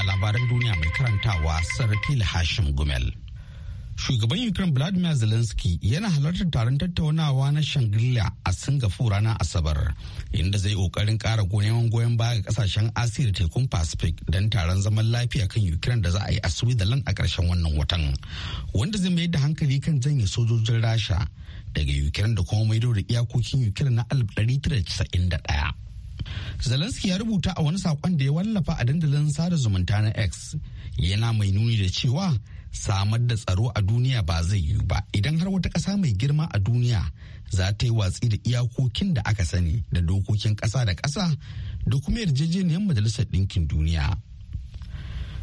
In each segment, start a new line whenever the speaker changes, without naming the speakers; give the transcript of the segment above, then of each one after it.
ga labaran duniya mai karantawa sarfil hashim gumel shugaban ukraine vladimir zelensky yana halartar taron tattaunawa na shangri-la a singapore ranar asabar inda zai kokarin kara neman goyon baya ga kasashen asiya da tekun pacific don taron zaman lafiya kan ukraine da za a yi a switzerland a karshen wannan watan wanda zai mayar da hankali kan janye sojojin rasha daga ukraine da kuma maido da iyakokin ukraine na 1991 Zelensky ya rubuta a wani saƙon da ya wallafa a dandalin sada zumunta na X yana mai nuni da cewa samar da tsaro a duniya ba zai yiwu ba idan har wata ƙasa mai girma a duniya za ta yi watsi da iyakokin da aka sani da dokokin ƙasa da ƙasa da kuma yarjejeniyar majalisar ɗinkin duniya.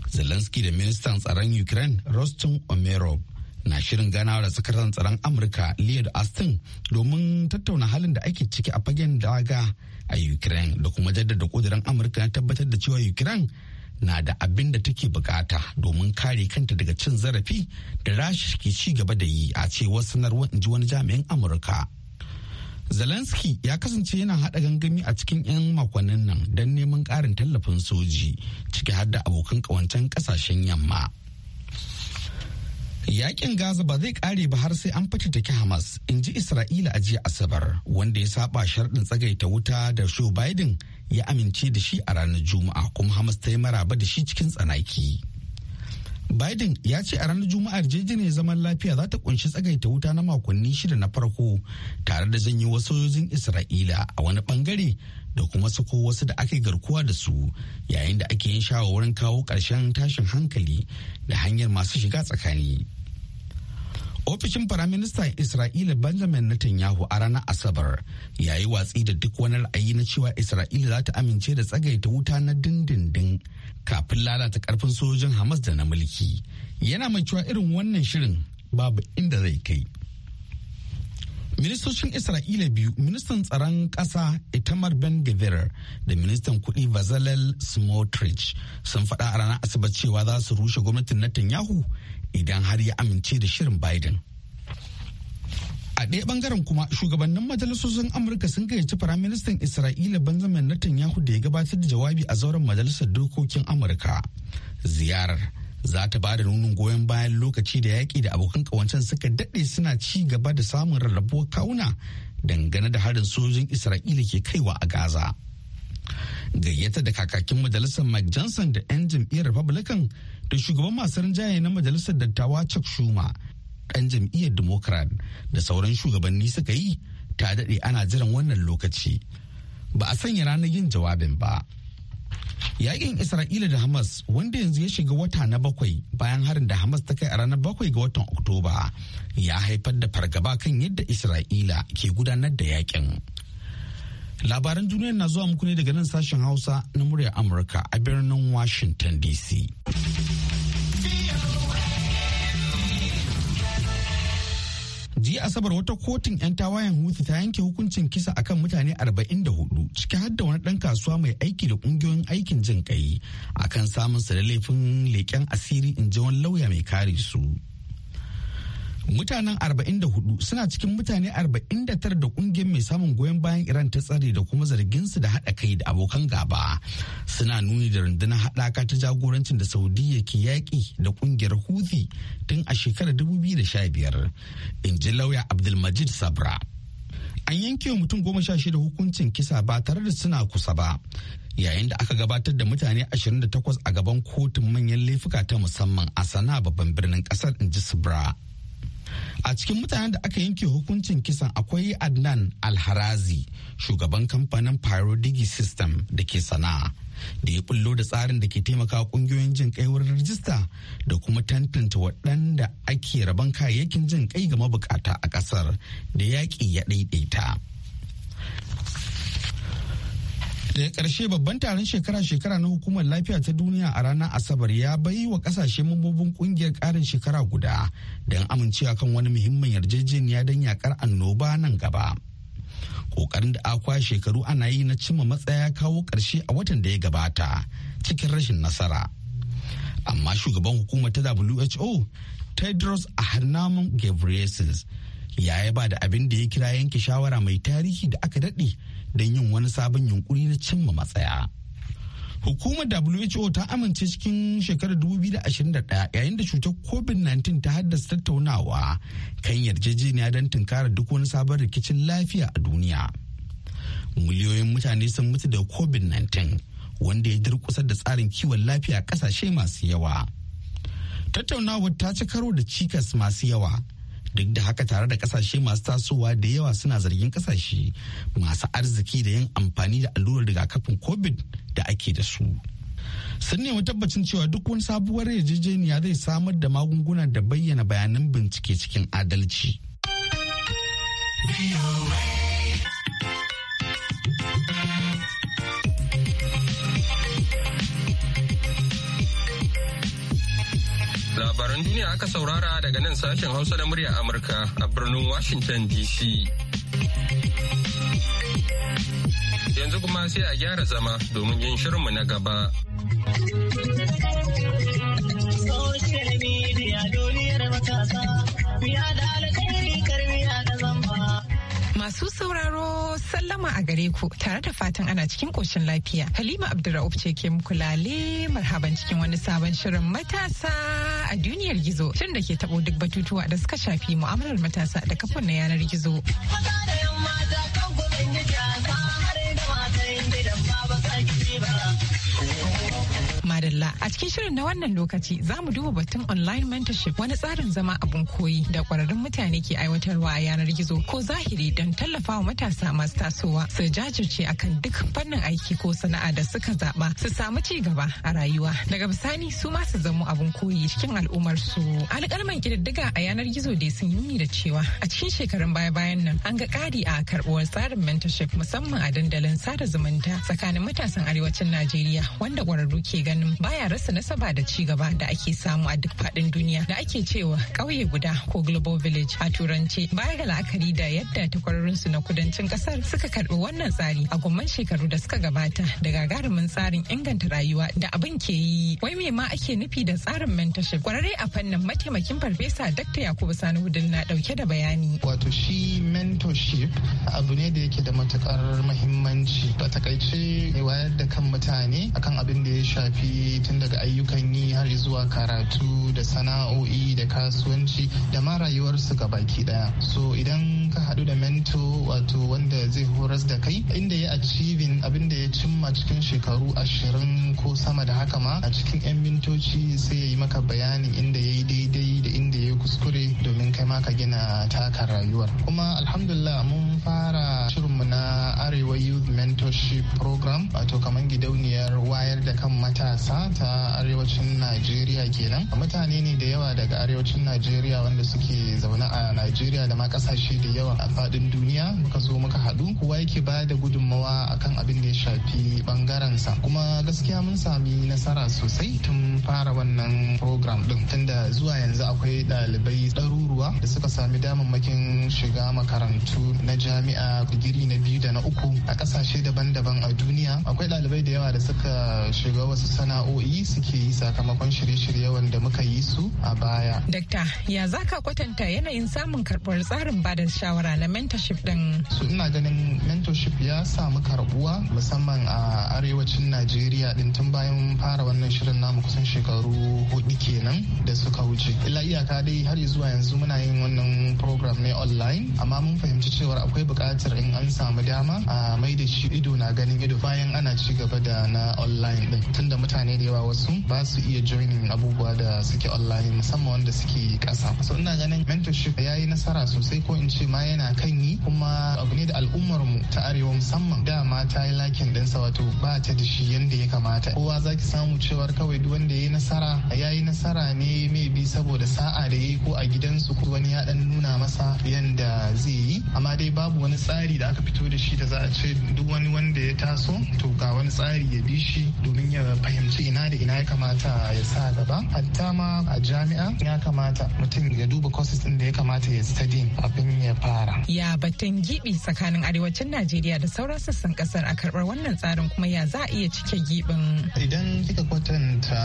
Zelensky da ministan tsaron Ukraine Rostin Omerov na shirin ganawa da sakataren tsaron Amurka Lloyd Austin domin tattauna halin da ake ciki a fagen daga a Ukraine da kuma jaddada kudirin Amurka ya tabbatar da cewa Ukraine na da abin da take bukata domin kare kanta daga cin zarafi da rashi ke ci gaba da yi a cewar sanarwar inji wani jami'in amurka zelensky ya kasance yana haɗa gangami a cikin 'yan makonnin nan don neman ƙarin tallafin soji ciki har da abokan ƙawancen ƙasashen yamma Yakin Gaza ba zai kare ba har sai an take Hamas, in ji Isra'ila a jiya Asabar, wanda ya saba sharɗin tsagaita wuta da Joe Biden ya amince da shi a ranar Juma'a kuma Hamas ta yi maraba da shi cikin tsanaki. Biden ya ce a ranar Juma'a yarjejeniyar zaman lafiya za ta kunshi tsagaita wuta na makonni shida na farko tare da zanyi wasu sojojin Isra'ila a wani bangare da kuma sako wasu da ake garkuwa da su yayin da ake yin shawarwarin kawo ƙarshen tashin hankali da hanyar masu shiga tsakani. Ofishin Firaministan Isra'ila Benjamin Netanyahu a ranar Asabar ya yi watsi da duk wani ra'ayi na cewa Isra'ila za ta amince da tsagaita wuta na dindindin kafin lalata karfin sojojin Hamas da na mulki. Yana mai cewa irin wannan shirin babu inda zai kai. Ministocin Isra'ila biyu, ministan tsaron ƙasa Itamar Ben Gavir da ministan kuɗi Bazalel Smotrich sun faɗa a ranar Asabar cewa za su rushe gwamnatin Netanyahu idan har ya amince da shirin Biden. A ɗaya bangaren kuma shugabannin majalisoshin Amurka sun gayyaci Firaministan Isra'ila Benjamin Netanyahu da ya gabatar da jawabi a zauren majalisar dokokin Amurka. Ziyarar za ta ba da nunin goyon bayan lokaci da yaƙi da abokan ƙawancen suka daɗe suna ci gaba da samun rarrabuwar kauna dangane da harin sojojin Isra'ila ke kaiwa a Gaza. gayyata da kakakin majalisar mike johnson da 'yan jam'iyyar republican da shugaban masu rinjaye na majalisar dattawa chuck schumer ɗan jam'iyyar democrat da sauran shugabanni suka yi ta daɗe ana jiran wannan lokaci ba a sanya ranar yin jawabin ba yaƙin isra'ila da hamas wanda yanzu ya shiga wata na bakwai bayan harin da hamas ta kai a ranar bakwai ga watan oktoba ya haifar da fargaba kan yadda isra'ila ke gudanar da yaƙin. Labaran duniya na zuwa muku ne daga nan sashen Hausa na muryar Amurka a birnin Washington DC. jiya asabar wata kotun 'yan tawayen hutu ta yanke hukuncin kisa akan mutane 44 ciki har da wani dan kasuwa mai aiki da ƙungiyoyin aikin jin ƙai akan samun da laifin leƙen asiri in ji wani lauya mai kare su. mutanen 44 suna cikin mutane 49 da kungiyar mai samun goyon bayan iran ta tsare da kuma zarginsu da haɗa kai da abokan gaba suna nuni da rundunar haɗaka ta jagorancin da saudiya ke yaƙi da kungiyar houthi tun a shekarar 2015 in ji lauya abdulmajid sabra
an yanke mutum
goma sha shida hukuncin kisa ba tare da suna kusa ba yayin da aka gabatar da mutane 28 a gaban kotun manyan laifuka ta musamman a sana babban birnin kasar in ji sabra a cikin mutanen da aka yanke hukuncin kisan akwai adnan alharazi shugaban kamfanin pyrodigi system da ke sana'a da ya bullo da tsarin da ke taimakawa kungiyoyin jin kai wurin rajista da kuma tantance waɗanda ake rabon kayayyakin jin kai ga mabukata a ƙasar da yaƙi ya ɗaiɗaita. daga ƙarshe babban taron shekara-shekara na hukumar lafiya ta duniya a ranar asabar ya bai wa ƙasashe mambobin ƙungiyar ƙarin shekara guda don amincewa kan wani muhimmin yarjejeniya don yakar annoba nan gaba ƙoƙarin da akwa shekaru ana yi na cimma matsaya kawo ƙarshe a watan da ya gabata cikin rashin nasara amma shugaban hukumar ta who tedros ahanamun gabriel ya yaba da abin da ya kira yanke shawara mai tarihi da aka daɗe don yin wani sabon yunkuri na cimma matsaya. Hukumar WHO ta amince cikin shekarar 2021 yayin da cutar COVID-19 ta haddasa tattaunawa kan yarjejeniya don tunkarar duk wani sabon rikicin lafiya a duniya. Miliyoyin mutane sun mutu da COVID-19 wanda ya durkusa da tsarin kiwon lafiya kasashe masu yawa. Tattaunawar ta ci karo da cikas masu yawa duk da haka tare da kasashe masu tasowa da yawa suna zargin kasashe masu arziki da yin amfani da allurar rigakafin covid da ake da su sun nemi tabbacin cewa duk wani sabuwar yarjejeniya zai samar da magunguna da bayyana bayanan bincike cikin adalci.
labaran duniya aka saurara daga nan sashen Hausa da murya Amurka a birnin Washington DC. Yanzu kuma sai a gyara zama domin yin shirinmu na gaba.
Masu sauraro sallama a gare ku tare da fatan ana cikin koshin lafiya. Halima Abdurra'uf ce ke muku lale marhaban cikin wani sabon shirin matasa a duniyar gizo. Shirin da ke taɓo duk batutuwa da suka shafi mu'amalar matasa da kafin na yanar gizo. Madalla. A cikin shirin na wannan lokaci za mu duba batun online mentorship wani tsarin zama abun koyi da kwararrun mutane ke aiwatarwa a yanar gizo ko zahiri don tallafawa matasa masu tasowa su jajirce a kan duk fannin aiki ko sana'a da suka zaɓa su samu ci gaba a rayuwa. Daga bisani su ma su zamo abun koyi cikin al'ummar su. Alƙalman kididdiga a yanar gizo dai sun yi da cewa a cikin shekarun baya-bayan nan an ga ƙari a karɓuwar tsarin mentorship musamman a dandalin sada zumunta tsakanin matasan arewacin Najeriya wanda kwararru ke ganin baya rasa nasaba da ci gaba da ake samu a duk fadin duniya da ake cewa ƙauye guda ko global village a turance baya ga la'akari da yadda takwarorinsu na kudancin kasar suka karbi wannan tsari a gomman shekaru da suka gabata da gagarumin tsarin inganta rayuwa da abin ke yi wai me ma ake nufi da tsarin mentorship kwararre a fannin mataimakin farfesa dr yakubu sani hudul na dauke da bayani
wato shi mentorship abu ne da yake da matukar mahimmanci a takaice wayar da kan mutane akan abin da ya shafi tun daga ayyukan yi har zuwa karatu da sana'o'i da kasuwanci da ma rayuwarsu ga baki ɗaya so idan ka haɗu da mento wato wanda zai horas da kai inda ya achieving abin da ya cimma cikin shekaru ashirin ko sama da haka ma a cikin 'yan mintoci sai ya yi maka bayanin inda ya yi daidai da inda ya yi kuskure domin kai maka gina taka rayuwar kuma alhamdulillah mun fara shirinmu na arewa youth mentorship program wato kamar gidauniyar wayar da kan matasa ta arewacin najeriya kenan mutane ne da yawa daga arewacin najeriya wanda suke zaune a najeriya da ma kasashe da yawa yawa a faɗin duniya muka zo muka haɗu kowa yake ba da gudunmawa akan abin da ya shafi sa kuma gaskiya mun sami nasara sosai tun fara wannan program din tunda zuwa yanzu akwai ɗalibai ɗaruruwa da suka sami damammakin shiga makarantu na jami'a digiri na biyu da na uku a ƙasashe daban-daban a duniya akwai ɗalibai da yawa da suka shiga wasu sana'o'i suke yi sakamakon shirye-shirye wanda muka yi su a baya.
Dakta, ya za ka kwatanta yanayin samun karɓar tsarin bada shawara shawara na mentorship din su ina ganin
mentorship ya samu karbuwa musamman a arewacin najeriya din tun bayan fara wannan shirin namu kusan shekaru hudu kenan da suka wuce illa iyaka dai har zuwa yanzu muna yin wannan program ne online amma mun fahimci cewa akwai bukatar in an samu dama a mai da shi ido na ganin ido bayan ana ci gaba da na online din tunda mutane da yawa wasu ba su iya joining abubuwa da suke online musamman wanda suke kasa so ina ganin mentorship ya yi nasara sosai ko in ce ma ma yana kan yi kuma abu ne da al'ummar mu ta arewa musamman dama ta yi lakin sa wato ba ta da shi yanda ya kamata kowa zaki samu cewa kawai duk wanda ya yi nasara ya yi nasara ne mai bi saboda sa'a da ya ko a gidansu ko wani ya dan nuna masa yanda zai yi amma dai babu wani tsari da aka fito da shi da za a ce duk wani wanda ya taso to ga wani tsari ya bi shi domin ya fahimci ina da ina ya kamata ya sa gaba hatta ma a jami'a ya kamata mutum ya duba courses din da ya kamata ya study abin ya fara.
Ya batun giɓi tsakanin arewacin Najeriya da sauran sassan kasar a karɓar wannan tsarin kuma ya za a iya cike gibin. Idan kika
kwatanta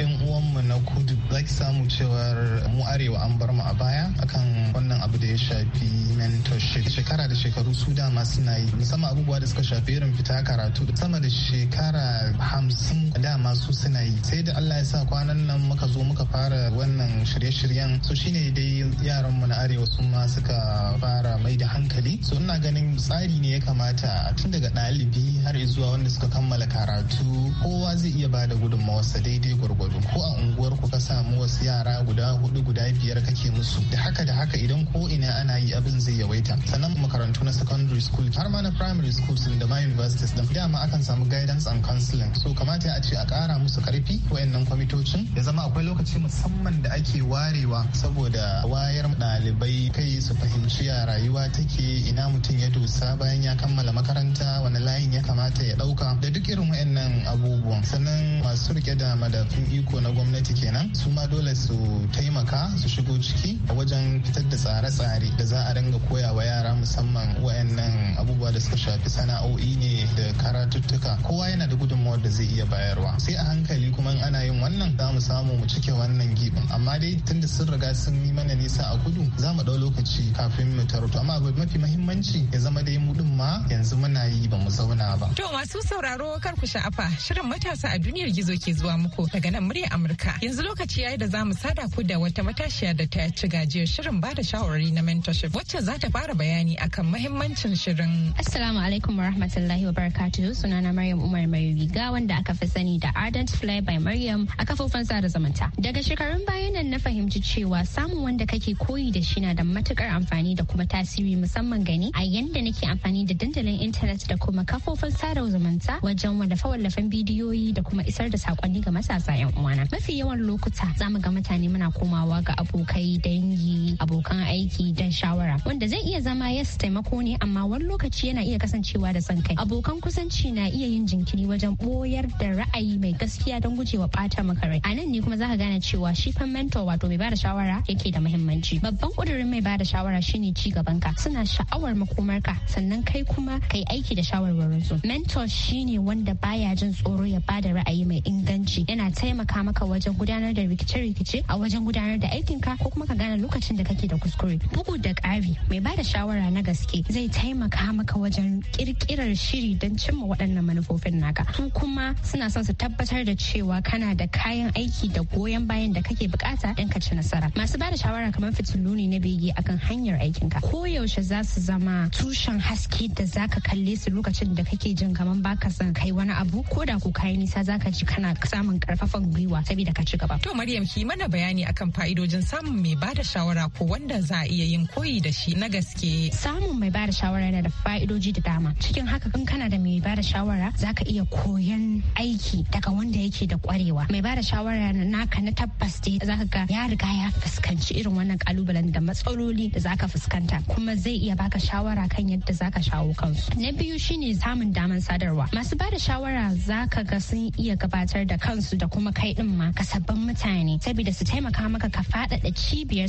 'yan uwanmu na kudu za ki samu cewar mu arewa an bar mu a baya akan wannan abu da ya shafi mentorship. Shekara da shekaru su dama suna yi musamman abubuwa da suka shafi irin fita karatu sama da shekara hamsin dama su suna yi sai da Allah ya sa kwanan nan muka zo muka fara wannan shirye-shiryen so shine dai yaran mu na arewa sun ma suka fara mai da hankali so ina ganin tsari ne ya kamata tun daga ɗalibi har zuwa wanda suka kammala karatu kowa zai iya ba da gudunmawarsa daidai gwargwado ko a unguwar ku ka samu wasu yara guda hudu guda biyar kake musu da haka da haka idan ko ina ana yi abin zai yawaita sannan makarantu na secondary school har ma na primary school sun da ma universities din dama akan samu guidance and counseling so kamata a ce a kara musu karfi wayannan kwamitocin ya zama akwai lokaci musamman da ake warewa saboda wayar ɗalibai kai su fahimci tafiya rayuwa take ina mutum ya dosa bayan ya kammala makaranta wani layin ya kamata ya dauka da duk irin wayannan abubuwan sannan masu rike da madafin iko na gwamnati kenan su ma dole su taimaka su shigo ciki a wajen fitar da tsare-tsare da za a ringa koya wa yara musamman wayannan abubuwa da suka shafi sana'o'i ne da karatuttuka kowa yana da gudunmawar da zai iya bayarwa sai a hankali kuma ana yin wannan za mu samu mu cike wannan gibin amma dai tunda sun riga sun yi mana nisa a kudu za mu ɗau lokaci kafin mu da taro to amma abu mafi mahimmanci ya zama dai mu din ma yanzu muna yi ba mu zauna ba
to masu sauraro kar ku sha'afa shirin matasa a duniyar gizo ke zuwa muku daga nan murya amurka yanzu lokaci yayi da zamu sada ku da wata matashiya da ta ci gajiyar shirin ba da shawarwari na mentorship wacce za ta fara bayani akan mahimmancin shirin assalamu
alaikum wa warahmatullahi wabarakatuh sunana maryam umar mai riga wanda aka fi sani da ardent fly by maryam a kafofin sada zumunta daga shekarun bayanan na fahimci cewa samun wanda kake koyi da shi na da matukar amfani da kuma tasiri musamman gani a yanda nake amfani da dandalin intanet da kuma kafofin sada zumunta wajen wallafe-wallafen bidiyoyi da kuma isar da sakonni ga matasa 'yan uwana. Mafi yawan lokuta za mu ga mutane muna komawa ga abokai dangi abokan aiki don shawara wanda zai iya zama ya yes taimako ne amma wani lokaci yana iya kasancewa da son kai. Abokan kusanci na iya yin jinkiri wajen boyar da ra'ayi mai gaskiya don gujewa ɓata maka rai. A nan ne kuma za ka gane cewa shi fan mentor wato mai bada shawara yake da muhimmanci. Babban ƙudurin mai bada shawara shine ci gaban ka suna sha'awar makomar ka sannan kai kuma kai aiki da shawarwarin su mentor shine wanda baya jin tsoro ya bada ra'ayi mai inganci yana taimaka maka wajen gudanar da rikice-rikice a wajen gudanar da aikin ka ko kuma ka gane lokacin da kake da kuskure bugu da ƙari mai bada shawara na gaske zai taimaka maka wajen kirkirar shiri don cimma waɗannan manufofin naka su kuma suna son su tabbatar da cewa kana da kayan aiki da goyon bayan da kake bukata don ka ci nasara masu bada shawara kamar fitilu ne na bege akan hanyar aikin ka yaushe za su zama tushen haske da za ka kalle su lokacin da kake jin kamar baka son kai wani abu ko da ku kai nisa za ka ji kana samun
karfafan gwiwa saboda ka ci gaba to maryam ki mana bayani akan fa'idojin samun mai bada shawara ko wanda za a iya yin koyi da shi na gaske samun mai bada shawara yana da fa'idoji da dama
cikin haka kan kana da mai bada shawara za ka iya koyan aiki daga wanda yake da kwarewa mai bada shawara naka na tabbas dai ka ga ya riga ya fuskanci irin wannan kalubalen da matsaloli da za ka fuskanta kuma zai iya baka shawara kan yadda zaka shawo kansu na biyu shine samun daman sadarwa masu bada shawara zaka ga sun iya gabatar da kansu da kuma kai din ma ka sabbin mutane saboda su taimaka maka ka faɗaɗa cibiyar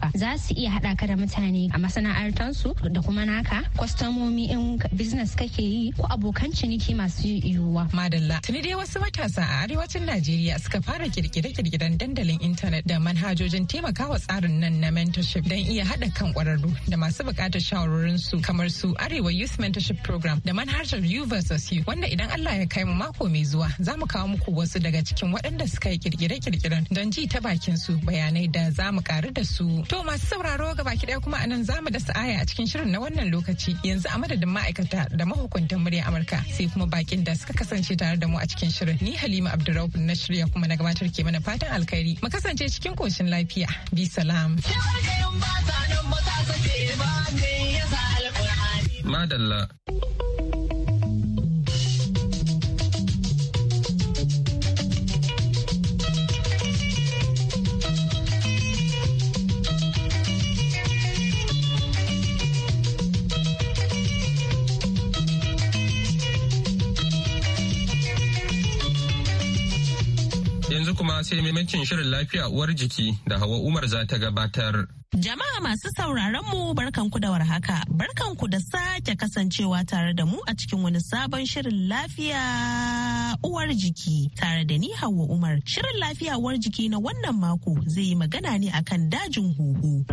ka. za su iya hada ka da mutane a masana'antarsu da kuma naka kwastomomi in business
kake yi ko abokan ciniki masu yiwuwa. Madalla, tuni dai wasu matasa a arewacin Najeriya suka fara kirkire-kirkiren dandalin intanet da manhajojin taimakawa tsarin nan na mentorship don iya hada kan ƙwararru kwararru da masu bukatar shawarorin su kamar su Arewa Youth Mentorship Program da manhajar You versus You wanda idan Allah ya kai mu mako mai zuwa za mu kawo muku wasu daga cikin waɗanda suka yi kirkire-kirkiren don ji ta bakin su bayanai da za mu karu da su. To masu sauraro ga baki ɗaya kuma anan za mu da sa'aya a cikin shirin na wannan lokaci yanzu a madadin ma'aikata da mahukuntan murya Amurka sai kuma bakin da suka kasance tare da mu a cikin shirin ni Halima Abdurrauf na shirya kuma na gabatar ke mana fatan alkhairi mu kasance cikin koshin lafiya bi salam.
madalla. Yanzu kuma sai maimakin shirin lafiya uwar jiki da hawa Umar za ta gabatar.
Jama'a masu sauraron mu barkanku da warhaka, barkanku da sake kasancewa tare da mu a cikin wani sabon shirin lafiya uwar jiki tare da ni Hauwa Umar. Shirin lafiya uwar jiki na wannan mako zai yi magana ne akan dajin huhu.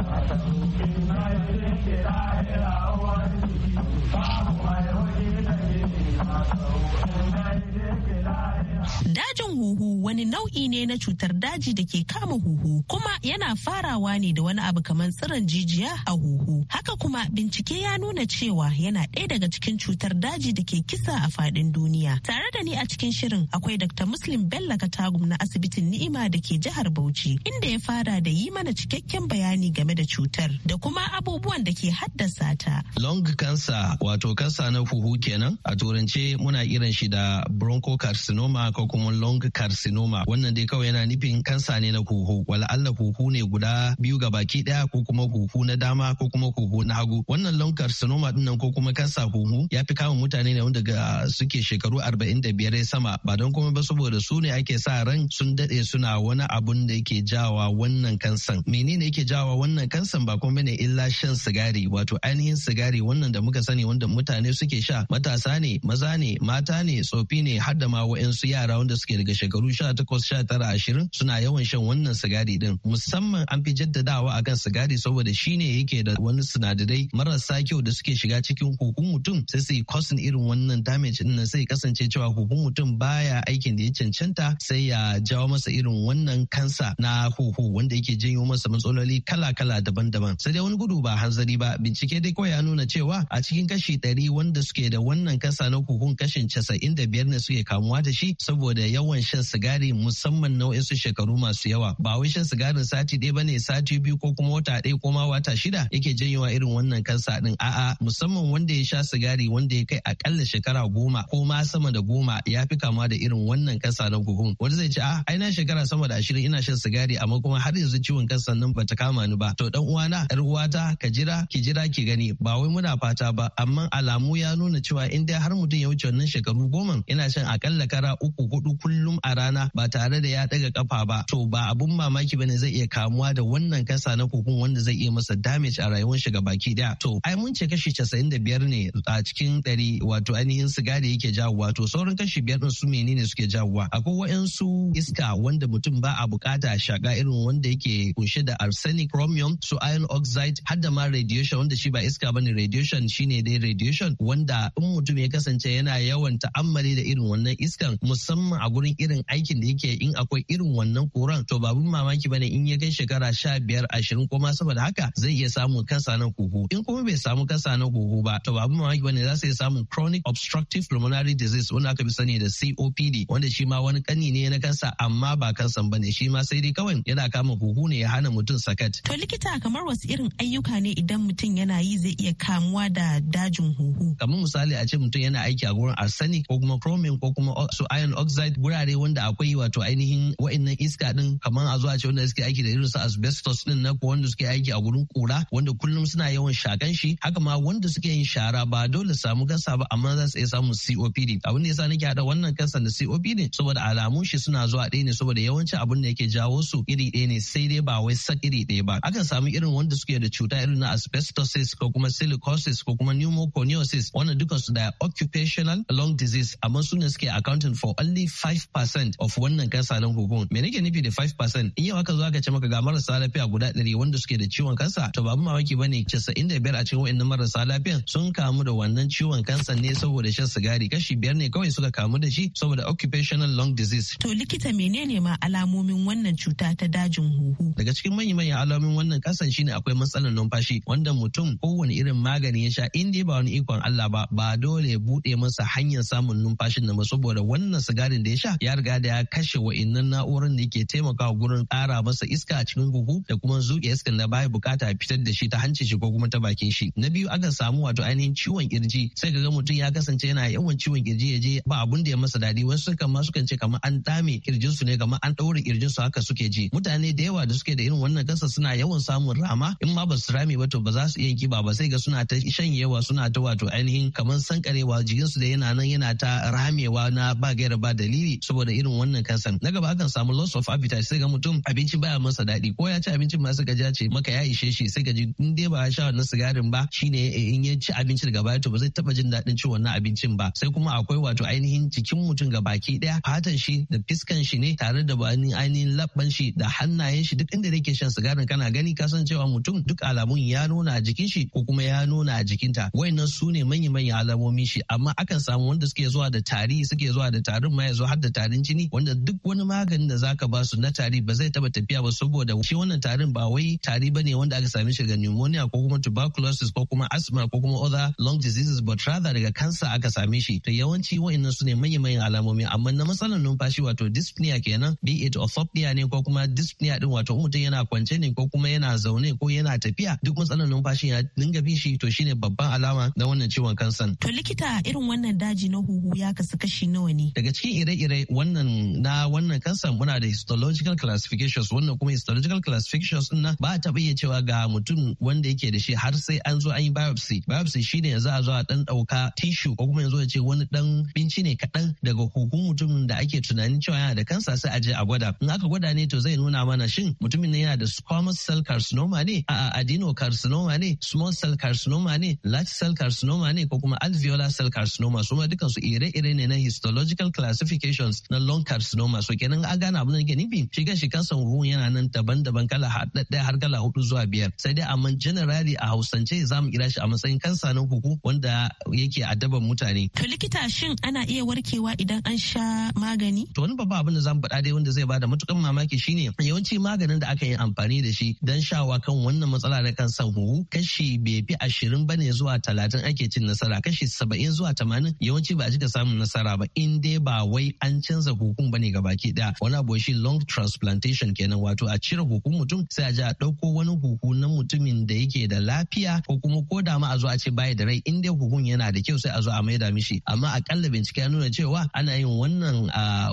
Dajin huhu wani nau'i ne na cutar daji da ke kama huhu kuma yana farawa ne da wani abu kamar tsiron jijiya a huhu. Haka kuma bincike ya nuna cewa yana ɗaya daga cikin cutar daji da ke kisa a faɗin duniya. Tare da ni a cikin shirin akwai Dr. Muslim Bello Katagum na asibitin Ni'ima da ke jihar Bauchi inda ya fara da yi mana cikakken bayani game da cutar da kuma abubuwan da ke haddasa ta.
long cancer wato kansa na huhu kenan a turance muna kiran shi da bronchocarcinoma ko kuma long carcinoma wannan dai kawai yana nufin kansa ne na huhu wala Allah huhu ne guda biyu ga baki daya ko kuma huhu na dama ko kuma huhu na hagu wannan lung carcinoma din nan ko kuma kansa huhu ya fi kama mutane ne wanda ga suke shekaru 45 sama ba don kuma ba saboda su ne ake sa ran sun dade suna wani abun da yake jawa wannan kansan menene yake jawa wannan kansan ba kuma ne illa shan sigari wato ainihin sigari wannan da muka sani wanda mutane suke sha matasa ne maza ne mata ne tsofi ne har da ma wa'ansu yara wanda suke daga shekaru 18 19 20 suna yawan shan wannan sigari din musamman an fi jaddadawa akan sigari saboda shine yake da wani sinadarai marasa kyau da suke shiga cikin huhun mutum sai su yi irin wannan damage din sai kasance cewa kukun mutum baya aikin da ya cancanta sai ya jawo masa irin wannan kansa na huhu wanda yake janyo masa matsaloli kala-kala daban-daban sai dai wani gudu ba hanzari ba bincike dai kawai ya nuna cewa a cikin kashi ɗari wanda suke da wannan kasa na huhun kashin casa'in da biyar ne suke kamuwa da shi saboda yawan shan sigari musamman na su shekaru masu yawa ba wai shan sigarin sati ɗaya bane sati biyu ko kuma wata ɗaya ko ma wata shida yake janyowa irin wannan kansa din a'a musamman wanda ya sha sigari wanda ya kai akalla shekara goma ko ma sama da goma ya fi kama da irin wannan kansa na huhun wanda zai ce a ah, ai na shekara sama da ashirin ina shan sigari amma kuma har yanzu ciwon kansa nan bata kama ni ba to dan uwana yar uwata ka jira ki jira ki gani ba wai muna fata ba amma alamu ya nuna cewa in dai har mutum ya wuce wannan shekaru goma ina shan akalla kara uku hudu kullum kullum a rana ba tare da ya daga kafa ba to ba abun mamaki bane zai iya kamuwa da wannan kasa na kokon wanda zai iya masa damage a rayuwar shi baki daya to ai mun ce kashi 95 ne a cikin 100 wato ainihin sigari yake jawo wato sauran kashi biyar din su menene suke jawowa akwai wa'ansu iska wanda mutum ba a bukata shaka irin wanda yake kunshe da arsenic chromium su iron oxide har da ma radiation wanda shi ba iska bane radiation shine dai radiation wanda in mutum ya kasance yana yawan ta'ammali da irin wannan iskan musamman a gurin irin aikin da yake in akwai irin wannan koran to babun mamaki bane in ya kai shekara sha biyar ashirin ko ma saboda haka zai iya samun kansa na huhu in kuma bai samu kansa na huhu ba to babun mamaki bane za su iya samun chronic obstructive pulmonary disease wanda aka fi sani da COPD wanda shi ma wani kani ne na kansa amma ba kansan bane shi ma sai dai kawai yana kama huhu ne ya hana mutum sakat.
To likita kamar wasu irin ayyuka ne idan mutum yana yi zai iya kamuwa da dajin huhu.
Kamar misali a ce mutum yana aiki a gurin arsenic ko kuma chromium ko kuma su iron oxide wurare wanda akwai wato ainihin wa'annan iska din kamar a zuwa ce wanda suke aiki da irin su asbestos din na ko wanda suke aiki a gurin kura wanda kullum suna yawan shakan shi haka ma wanda suke yin shara ba dole samu gasa ba amma za su iya samun COPD abin da yasa nake hada wannan kansa da COPD saboda alamun shi suna zuwa ɗaya ne saboda yawanci abin da yake jawo su iri ɗaya ne sai dai ba wai sak iri ɗaya ba akan samu irin wanda suke da cuta irin na asbestosis ko kuma silicosis ko kuma pneumoconiosis wannan dukansu da occupational lung disease amma su ne suke accounting for only 5 5% of wannan kansa na huhun me nake nufi da 5% in yau aka zo aka ce maka ga marasa lafiya guda ɗari wanda suke da ciwon kansa to ba mu mamaki bane 95 a cikin wayannan marasa lafiyan sun kamu da wannan ciwon kansa ne saboda shan sigari kashi biyar ne kawai suka kamu da shi saboda occupational lung disease
to likita menene ma alamomin wannan cuta ta dajin huhu
daga cikin manya manyan alamomin wannan kansa shine akwai matsalar numfashi wanda mutum kowane irin magani ya sha in dai ba wani ikon Allah ba ba dole ya bude masa hanyar samun numfashin nan saboda wannan sigarin da ya sha ya ya riga da ya kashe wa'innan na'urar da ke taimakawa gurin ƙara masa iska a cikin huhu da kuma zuke iskan da baya bukata a fitar da shi ta hanci shi ko kuma ta bakin shi na biyu aka samu wato ainihin ciwon kirji sai ga mutum ya kasance yana yawan ciwon kirji ya je ba abun da ya masa daɗi wasu kan ma sukan ce kamar an dame kirjin su ne kamar an ɗaure kirjin su haka suke ji mutane da yawa da suke da irin wannan kasa suna yawan samun rama in ma ba su rame ba to ba za su iya kiba ba sai ga suna ta shanyewa suna ta wato ainihin kamar sankarewa jikinsu da yana nan yana ta ramewa na ba gaira ba dalili saboda saboda irin wannan kansan na gaba akan samu loss of appetite sai ga mutum abinci baya masa daɗi ko ya ci abincin masu suka ce maka ya ishe shi sai ga ji in dai ba sha wannan sigarin ba shine in ya ci abinci daga baya to ba zai taba jin daɗin ci wannan abincin ba sai kuma akwai wato ainihin jikin mutum ga baki ɗaya fatan shi da fiskan shi ne tare da bani ainihin labban shi da hannayen shi duk inda yake shan sigarin kana gani cewa mutum duk alamun ya nuna a jikin shi ko kuma ya nuna a jikinta wayannan su ne manya-manyan alamomi shi amma akan samu wanda suke zuwa da tari suke zuwa da tarin ma ya zo har da tari tarin jini wanda duk wani maganin da zaka ba su na tari ba zai taba tafiya ba saboda shi wannan tarin ba wai tari ba ne wanda aka sami shi daga pneumonia ko kuma tuberculosis ko kuma asthma ko kuma other lung diseases but rather daga kansa aka same shi to yawanci wa'annan su ne manya-manyan alamomi amma na matsalar numfashi wato dyspnea kenan be it orthopnea ne ko kuma dyspnea din wato mutum yana kwance ne ko kuma yana zaune ko yana tafiya duk matsalar numfashi ya dinga bin shi to shine babban alama na wannan ciwon kansan
to likita irin wannan daji na huhu ya kasu kashi nawa ne daga cikin ire-ire wannan
na wannan kansa muna da histological classifications wannan kuma histological classifications na. ba a taɓa iya cewa ga mutum wanda yake da shi har sai an zo an yi biopsy biopsy shine yanzu a zo a dan ɗauka tissue ko kuma yanzu a ce wani dan binci ne kaɗan daga hukun mutumin da ake tunanin cewa yana da kansa sai a je a gwada in aka gwada ne to zai nuna mana shin mutumin ne yana da squamous cell carcinoma ne a adenocarcinoma ne small cell carcinoma ne large cell carcinoma ne ko kuma alveolar cell carcinoma su ma dukansu ire-ire ne na histological classifications disease na lung carcinoma so kenan an gane abin da nake nufi shi kan shi kansa huhun yana nan daban-daban kala ɗaya har kala hudu zuwa biyar sai dai amma generally a hausance za mu kira shi a matsayin kansa na huhu wanda yake adaban mutane.
To likita shin ana iya warkewa idan an sha magani? To wani babba abin da zamu faɗa dai wanda zai
bada matukan mamaki shine yawanci maganin da aka yi amfani da shi dan shawa kan wannan matsala na kansan huhu kashi bai fi ashirin bane zuwa talatin ake cin nasara kashi saba'in zuwa tamanin yawanci ba a cika samun nasara ba in dai ba wai an ci canza hukun bane ga baki daya wani abu shi long transplantation kenan wato a cire hukun mutum sai a ji a ɗauko wani huhu na mutumin da yake da lafiya ko kuma ko da ma a zo a ce baya da rai in dai hukun yana da kyau sai a zo a maida mishi amma akalla bincike ya nuna cewa ana yin wannan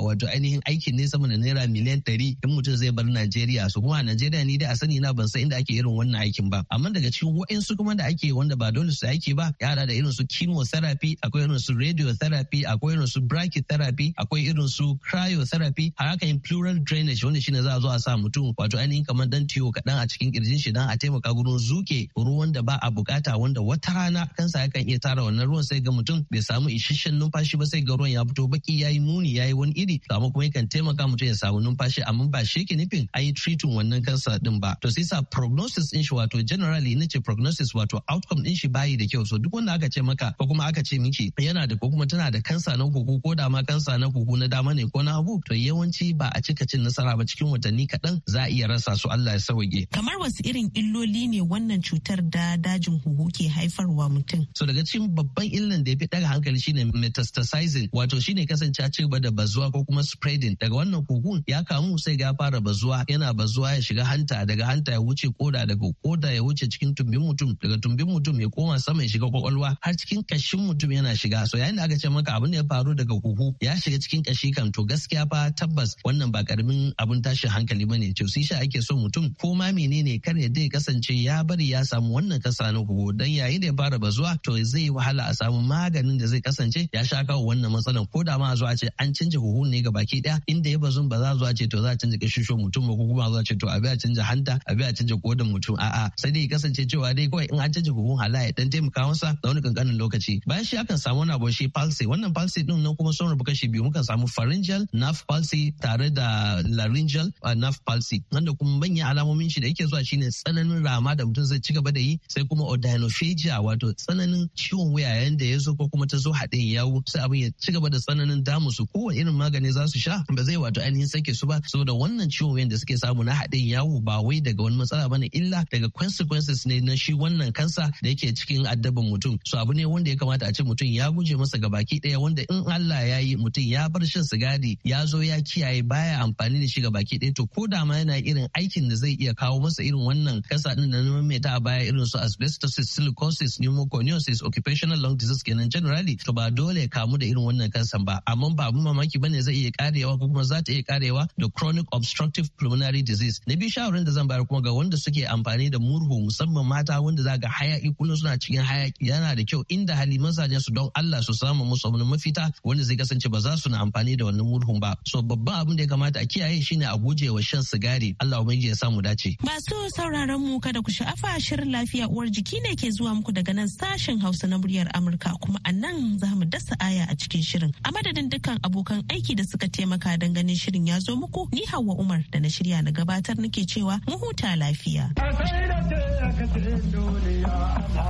wato ainihin aikin ne sama da naira miliyan ɗari in mutum zai bar Najeriya su kuma a Najeriya ni dai a sani na ban san inda ake irin wannan aikin ba amma daga cikin wa'insu kuma da ake wanda ba dole su aiki ba yara da irin su chemotherapy akwai irin su radiotherapy akwai irin su brachytherapy akwai irin su cryotherapy har aka yin pleural drainage wanda shine za a zo a sa mutum wato ainihin kamar dan tiyo kaɗan a cikin kirjin shi dan a taimaka gurin zuke ruwan da ba a bukata wanda wata rana kansa yakan iya tara wannan ruwan sai ga mutum bai samu isasshen numfashi ba sai ga ruwan ya fito baki yayi muni yayi wani iri amma kuma yakan taimaka mutum ya samu numfashi amma ba shi ke nufin an yi treating wannan kansa din ba to sai sa prognosis din shi wato generally ina ce prognosis wato outcome din shi bayi da kyau so duk wanda aka ce maka ko kuma aka ce miki yana da ko kuma tana da kansa na kuku ko da ma kansa na kuku na da dama ne ko na abu to yawanci ba a cika cin nasara ba cikin watanni kaɗan za a iya rasa su Allah ya sauke.
Kamar wasu irin illoli ne wannan cutar da dajin huhu ke haifarwa mutum. So daga cikin babban illan da ya fi ɗaga hankali
shine metastasizing wato shine kasance ci gaba da bazuwa ko kuma spreading daga wannan huhun ya kamu sai ga fara bazuwa yana bazuwa ya shiga hanta daga hanta ya wuce koda daga koda ya wuce cikin tumbin mutum daga tumbin mutum ya koma sama ya shiga kwakwalwa har cikin kashin mutum yana shiga so yayin da aka ce maka abin da ya faru daga huhu ya shiga cikin kashi shi to gaskiya fa tabbas wannan ba karamin abun tashin hankali bane to sai sha ake so mutum ko ma menene kar ya dai kasance ya bari ya samu wannan kasa na kogo dan yayi da ya fara bazuwa to zai wahala a samu maganin da zai kasance ya sha kawo wannan matsalan ko da ma a zo a ce an canja huhun ne ga baki daya inda ya bazun ba za a zo a ce to za a canja kashusho mutum ko kuma a a ce to a biya canja hanta a biya canja kodan mutum a'a sai dai kasance cewa dai kawai in an canja huhun hala ya dan taimaka masa da wani kankanin lokaci bayan shi akan samu wani abu shi palsy wannan palsy din nan kuma sun shi biyu mukan samu pharyngeal nerve palsy tare da laryngeal uh, nerve palsy wanda kuma manyan alamomin shi da yake zuwa shine tsananin rama da mutum zai ci gaba da yi sai kuma odynophagia wato tsananin ciwon wuya yayin da ya zo ko kuma ta zo haɗin yawo sai abin ya ci gaba da tsananin damu su irin magani za su sha ba zai wato ainihin sake su ba saboda wannan ciwon wuyan da suke samu na haɗin yawo ba wai daga wani matsala bane illa daga consequences ne na shi wannan kansa da yake cikin addaban mutum so abu ne wanda ya kamata a ce mutum ya guje masa gabaki daya wanda in Allah ya yi mutum ya bar shan sigari ya zo ya kiyaye baya amfani da shi ga baki ɗaya to ko da yana irin aikin da zai iya kawo masa irin wannan kasa din da na maimaita a baya irin su asbestosis silicosis pneumoconiosis occupational lung disease kenan generally to ba dole kamu da irin wannan kansan ba amma ba mu mamaki bane zai iya karewa ko kuma za ta iya karewa da chronic obstructive pulmonary disease na biyu shawarin da zan bayar kuma ga wanda suke amfani da murhu musamman mata wanda za ga hayaki kullum suna cikin hayaki yana da kyau inda hali mazajen su don Allah su samu musu wani mafita wanda zai kasance ba za su na amfani amfani da wannan murhun ba so babban abin da ya kamata a kiyaye shine a guje wa shan sigari Allah ubangiji ya samu dace
masu sauraron mu kada ku sha'afa shirin lafiya uwar jiki ne ke zuwa muku daga nan sashen Hausa na muryar Amurka kuma a nan za mu dasa aya a cikin shirin a madadin dukkan abokan aiki da suka taimaka don ganin shirin ya zo muku ni Hauwa Umar da na shirya na gabatar nake cewa mu huta lafiya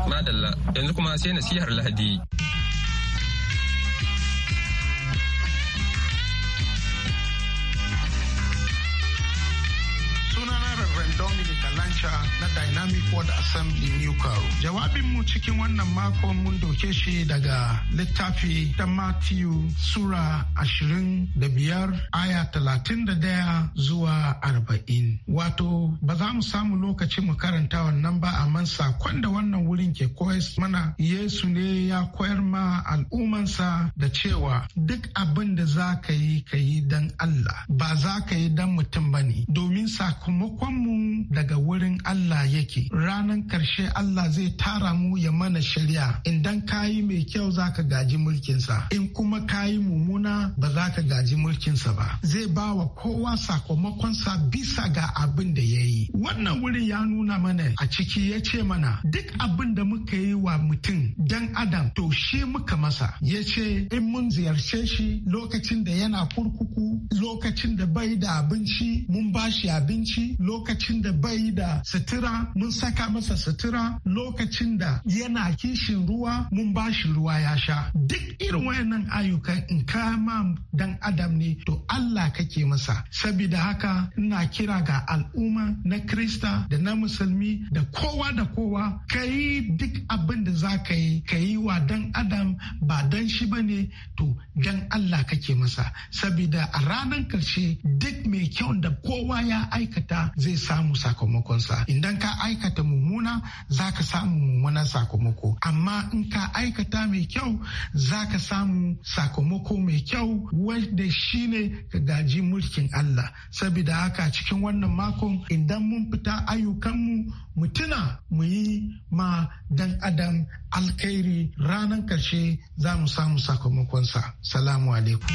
madalla
yanzu kuma sai nasihar lahadi
Dominic Alancha na Dynamic World Assembly New Caro. mu cikin wannan makon mun doke shi daga littafi ta Matthew Sura ashirin da biyar aya talatin da daya zuwa arba'in. Wato ba za mu samu lokaci mu karanta wannan ba a mansa wanda wannan wurin ke koyar mana Yesu ne ya koyar ma al'ummansa da cewa duk abin da za ka yi ka yi don Allah ba za ka yi don mutum ba ne domin sakamakonmu daga wurin Allah yake ranar karshe Allah zai tara mu ya mana shari'a idan ka yi mai kyau za ka gaji mulkinsa in kuma ka yi mummuna ba za ka gaji mulkinsa ba zai ba wa kowa sakamakonsa bisa ga abin da ya yi wannan wurin ya nuna mana a ciki ya ce mana duk abin da muka yi wa mutum dan adam to shi muka masa ya ce in mun ziyarce shi lokacin da yana kurkuku lokacin da bai da abinci mun ba shi abinci lokacin da bai da sutura mun saka masa sutura lokacin da yana kishin ruwa mun ba shi ruwa ya sha duk irin wayannan ayyukan in kama dan adam ne to Allah kake masa saboda haka ina kira ga al'umma na krista da na musulmi da kowa da kowa kai ka yi duk abin da za ka yi ka yi wa dan adam ba dan shi ba ne to dan Allah kake masa saboda a ranar karshe duk mai kyau da kowa ya aikata zai samu sakamakonsa idan ka aikata mummuna za ka samu mummunan sakamako amma in ka aikata mai kyau za ka samu sakamako mai kyau wanda ne ka gaji mulkin Allah saboda haka cikin wannan makon idan mun fita ayyukanmu mu tuna mu yi ma dan adam alkhairi ranar karshe za mu samu sakamakonsa salamu alaikum